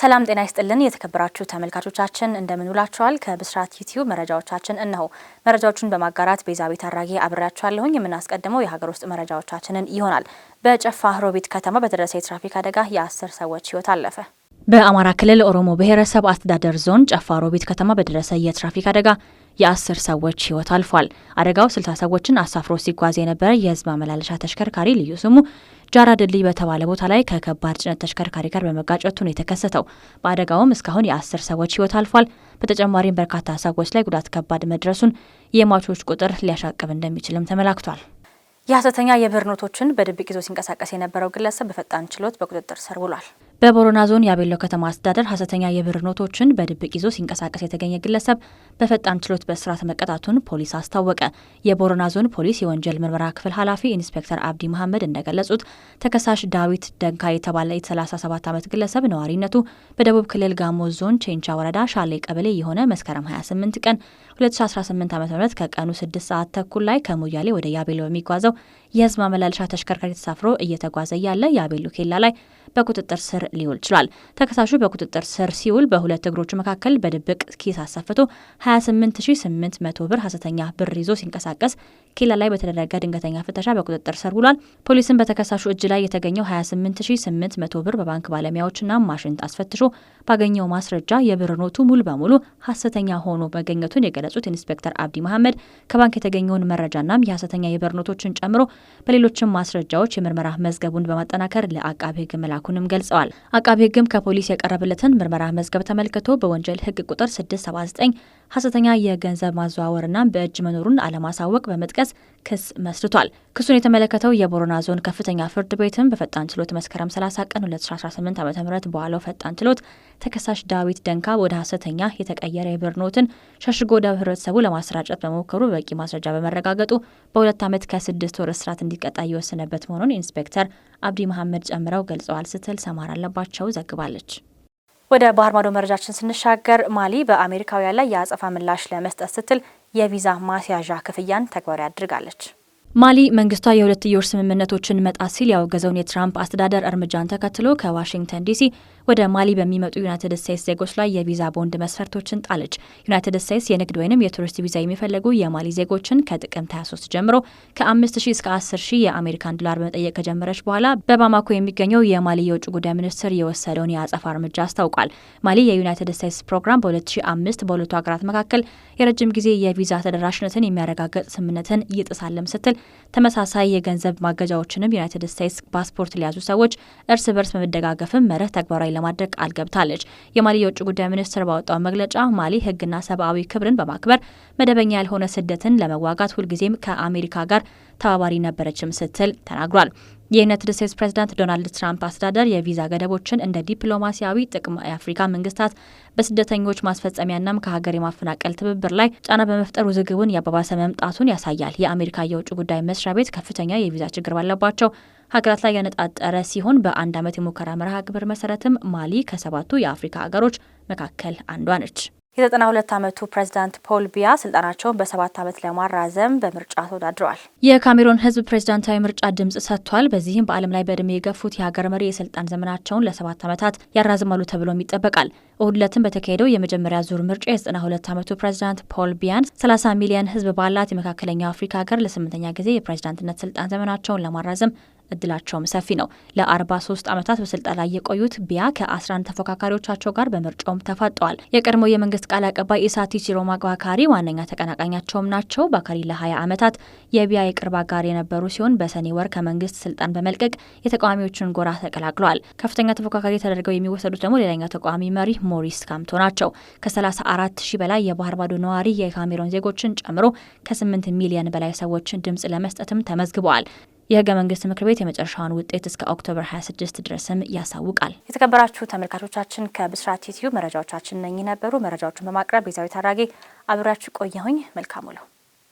ሰላም ጤና ይስጥልን የተከበራችሁ ተመልካቾቻችን እንደምን ውላችኋል? ከብስራት ዩቲዩብ መረጃዎቻችን እነሆ። መረጃዎቹን በማጋራት ቤዛቤት አራጌ አብሬያችኋለሁኝ። የምናስቀድመው የሀገር ውስጥ መረጃዎቻችንን ይሆናል። በጨፋ ሮቢት ከተማ በደረሰ የትራፊክ አደጋ የአስር ሰዎች ህይወት አለፈ። በአማራ ክልል ኦሮሞ ብሔረሰብ አስተዳደር ዞን ጨፋ ሮቢት ከተማ በደረሰ የትራፊክ አደጋ የአስር ሰዎች ህይወት አልፏል። አደጋው ስልሳ ሰዎችን አሳፍሮ ሲጓዝ የነበረ የህዝብ አመላለሻ ተሽከርካሪ ልዩ ስሙ ጃራ ድልድይ በተባለ ቦታ ላይ ከከባድ ጭነት ተሽከርካሪ ጋር በመጋጨቱ ነው የተከሰተው። በአደጋውም እስካሁን የአስር ሰዎች ህይወት አልፏል። በተጨማሪም በርካታ ሰዎች ላይ ጉዳት ከባድ መድረሱን የሟቾች ቁጥር ሊያሻቅብ እንደሚችልም ተመላክቷል። የሀሰተኛ የብር ኖቶችን በድብቅ ይዞ ሲንቀሳቀስ የነበረው ግለሰብ በፈጣን ችሎት በቁጥጥር ስር ውሏል። በቦረና ዞን የአቤሎ ከተማ አስተዳደር ሀሰተኛ የብር ኖቶችን በድብቅ ይዞ ሲንቀሳቀስ የተገኘ ግለሰብ በፈጣን ችሎት በእስራት መቀጣቱን ፖሊስ አስታወቀ። የቦረና ዞን ፖሊስ የወንጀል ምርመራ ክፍል ኃላፊ ኢንስፔክተር አብዲ መሐመድ እንደገለጹት ተከሳሽ ዳዊት ደንካ የተባለ የ37 ዓመት ግለሰብ ነዋሪነቱ በደቡብ ክልል ጋሞ ዞን ቼንቻ ወረዳ ሻሌ ቀበሌ የሆነ መስከረም 28 ቀን 2018 ዓ ም ከቀኑ 6 ሰዓት ተኩል ላይ ከሞያሌ ወደ ያቤሎ በሚጓዘው የህዝብ ማመላለሻ ተሽከርካሪ ተሳፍሮ እየተጓዘ ያለ ያቤሎ ኬላ ላይ በቁጥጥር ስር ሊውል ችሏል። ተከሳሹ በቁጥጥር ስር ሲውል በሁለት እግሮቹ መካከል በድብቅ ኪስ አሳፍቶ 28800 ብር ሀሰተኛ ብር ይዞ ሲንቀሳቀስ ኬላ ላይ በተደረገ ድንገተኛ ፍተሻ በቁጥጥር ስር ውሏል። ፖሊስም በተከሳሹ እጅ ላይ የተገኘው 28800 ብር በባንክ ባለሙያዎችና ማሽን አስፈትሾ ባገኘው ማስረጃ የብር ኖቱ ሙሉ በሙሉ ሀሰተኛ ሆኖ መገኘቱን የገለጹት ኢንስፔክተር አብዲ መሐመድ ከባንክ የተገኘውን መረጃናም የሀሰተኛ የብር ኖቶችን ጨምሮ በሌሎችም ማስረጃዎች የምርመራ መዝገቡን በማጠናከር ለአቃቤ ሕግ መላኩንም ገልጸዋል። አቃቢ ሕግም ከፖሊስ የቀረበለትን ምርመራ መዝገብ ተመልክቶ በወንጀል ሕግ ቁጥር 679 ሐሰተኛ የገንዘብ ማዘዋወርና በእጅ መኖሩን አለማሳወቅ በመጥቀስ ክስ መስርቷል። ክሱን የተመለከተው የቦረና ዞን ከፍተኛ ፍርድ ቤትም በፈጣን ችሎት መስከረም 30 ቀን 2018 ዓ ም በዋለው ፈጣን ችሎት ተከሳሽ ዳዊት ደንካ ወደ ሐሰተኛ የተቀየረ የብር ኖትን ሸሽጎ ወደ ህብረተሰቡ ለማሰራጨት በመሞከሩ በቂ ማስረጃ በመረጋገጡ በሁለት ዓመት ከስድስት ወር እስራት እንዲቀጣ እየወሰነበት መሆኑን ኢንስፔክተር አብዲ መሐመድ ጨምረው ገልጸዋል ስትል ሰማር አለባቸው ዘግባለች። ወደ ባህር ማዶ መረጃችን ስንሻገር ማሊ በአሜሪካውያን ላይ የአጸፋ ምላሽ ለመስጠት ስትል የቪዛ ማስያዣ ክፍያን ተግባራዊ አድርጋለች። ማሊ መንግስቷ የሁለትዮሽ ስምምነቶችን መጣስ ሲል ያወገዘውን የትራምፕ አስተዳደር እርምጃን ተከትሎ ከዋሽንግተን ዲሲ ወደ ማሊ በሚመጡ ዩናይትድ ስቴትስ ዜጎች ላይ የቪዛ ቦንድ መስፈርቶችን ጣለች። ዩናይትድ ስቴትስ የንግድ ወይም የቱሪስት ቪዛ የሚፈለጉ የማሊ ዜጎችን ከጥቅምት 23 ጀምሮ ከ5000 እስከ 10000 የአሜሪካን ዶላር በመጠየቅ ከጀመረች በኋላ በባማኮ የሚገኘው የማሊ የውጭ ጉዳይ ሚኒስትር የወሰደውን የአጸፋ እርምጃ አስታውቋል። ማሊ የዩናይትድ ስቴትስ ፕሮግራም በ2005 በሁለቱ ሀገራት መካከል የረጅም ጊዜ የቪዛ ተደራሽነትን የሚያረጋግጥ ስምምነትን ይጥሳለም ስትል ተመሳሳይ የገንዘብ ማገጃዎችንም ዩናይትድ ስቴትስ ፓስፖርት ለያዙ ሰዎች እርስ በርስ በመደጋገፍም መርህ ተግባራዊ ለማድረግ ቃል ገብታለች። የማሊ የውጭ ጉዳይ ሚኒስትር ባወጣው መግለጫ ማሊ ሕግና ሰብአዊ ክብርን በማክበር መደበኛ ያልሆነ ስደትን ለመዋጋት ሁልጊዜም ከአሜሪካ ጋር ተባባሪ ነበረችም ስትል ተናግሯል። የዩናይትድ ስቴትስ ፕሬዚዳንት ዶናልድ ትራምፕ አስተዳደር የቪዛ ገደቦችን እንደ ዲፕሎማሲያዊ ጥቅም የአፍሪካ መንግስታት በስደተኞች ማስፈጸሚያናም ከሀገር የማፈናቀል ትብብር ላይ ጫና በመፍጠር ውዝግቡን የአባባሰ መምጣቱን ያሳያል። የአሜሪካ የውጭ ጉዳይ መስሪያ ቤት ከፍተኛ የቪዛ ችግር ባለባቸው ሀገራት ላይ ያነጣጠረ ሲሆን በአንድ ዓመት የሙከራ መርሃ ግብር መሰረትም ማሊ ከሰባቱ የአፍሪካ ሀገሮች መካከል አንዷ ነች። የዘጠና ሁለት ዓመቱ ፕሬዝዳንት ፖል ቢያ ስልጣናቸውን በሰባት ዓመት ለማራዘም በምርጫ ተወዳድረዋል። የካሜሮን ሕዝብ ፕሬዝዳንታዊ ምርጫ ድምጽ ሰጥቷል። በዚህም በዓለም ላይ በእድሜ የገፉት የሀገር መሪ የስልጣን ዘመናቸውን ለሰባት ዓመታት ያራዝማሉ ተብሎም ይጠበቃል። እሁድ ዕለትም በተካሄደው የመጀመሪያ ዙር ምርጫ የዘጠና ሁለት ዓመቱ ፕሬዚዳንት ፖል ቢያን 30 ሚሊዮን ሕዝብ ባላት የመካከለኛው አፍሪካ ሀገር ለስምንተኛ ጊዜ የፕሬዚዳንትነት ስልጣን ዘመናቸውን ለማራዘም እድላቸውም ሰፊ ነው። ለ43 ዓመታት በስልጣን ላይ የቆዩት ቢያ ከ11 ተፎካካሪዎቻቸው ጋር በምርጫውም ተፋጠዋል። የቀድሞ የመንግስት ቃል አቀባይ ኢሳቲ ቺሮማ ባካሪ ዋነኛ ተቀናቃኛቸውም ናቸው። ባካሪ ለ20 ዓመታት የቢያ የቅርብ አጋር የነበሩ ሲሆን በሰኔ ወር ከመንግስት ስልጣን በመልቀቅ የተቃዋሚዎችን ጎራ ተቀላቅለዋል። ከፍተኛ ተፎካካሪ ተደርገው የሚወሰዱት ደግሞ ሌላኛው ተቃዋሚ መሪ ሞሪስ ካምቶ ናቸው። ከ34 ሺ በላይ የባህር ባዶ ነዋሪ የካሜሮን ዜጎችን ጨምሮ ከ8 ሚሊዮን በላይ ሰዎችን ድምጽ ለመስጠትም ተመዝግበዋል። የህገ መንግስት ምክር ቤት የመጨረሻውን ውጤት እስከ ኦክቶበር 26 ድረስም ያሳውቃል። የተከበራችሁ ተመልካቾቻችን ከብስራት ዩቲዩብ መረጃዎቻችን እነኚህ ነበሩ። መረጃዎቹን በማቅረብ ቤዛዊ ታራጌ አብሬያችሁ ቆየሁኝ። መልካም ውለው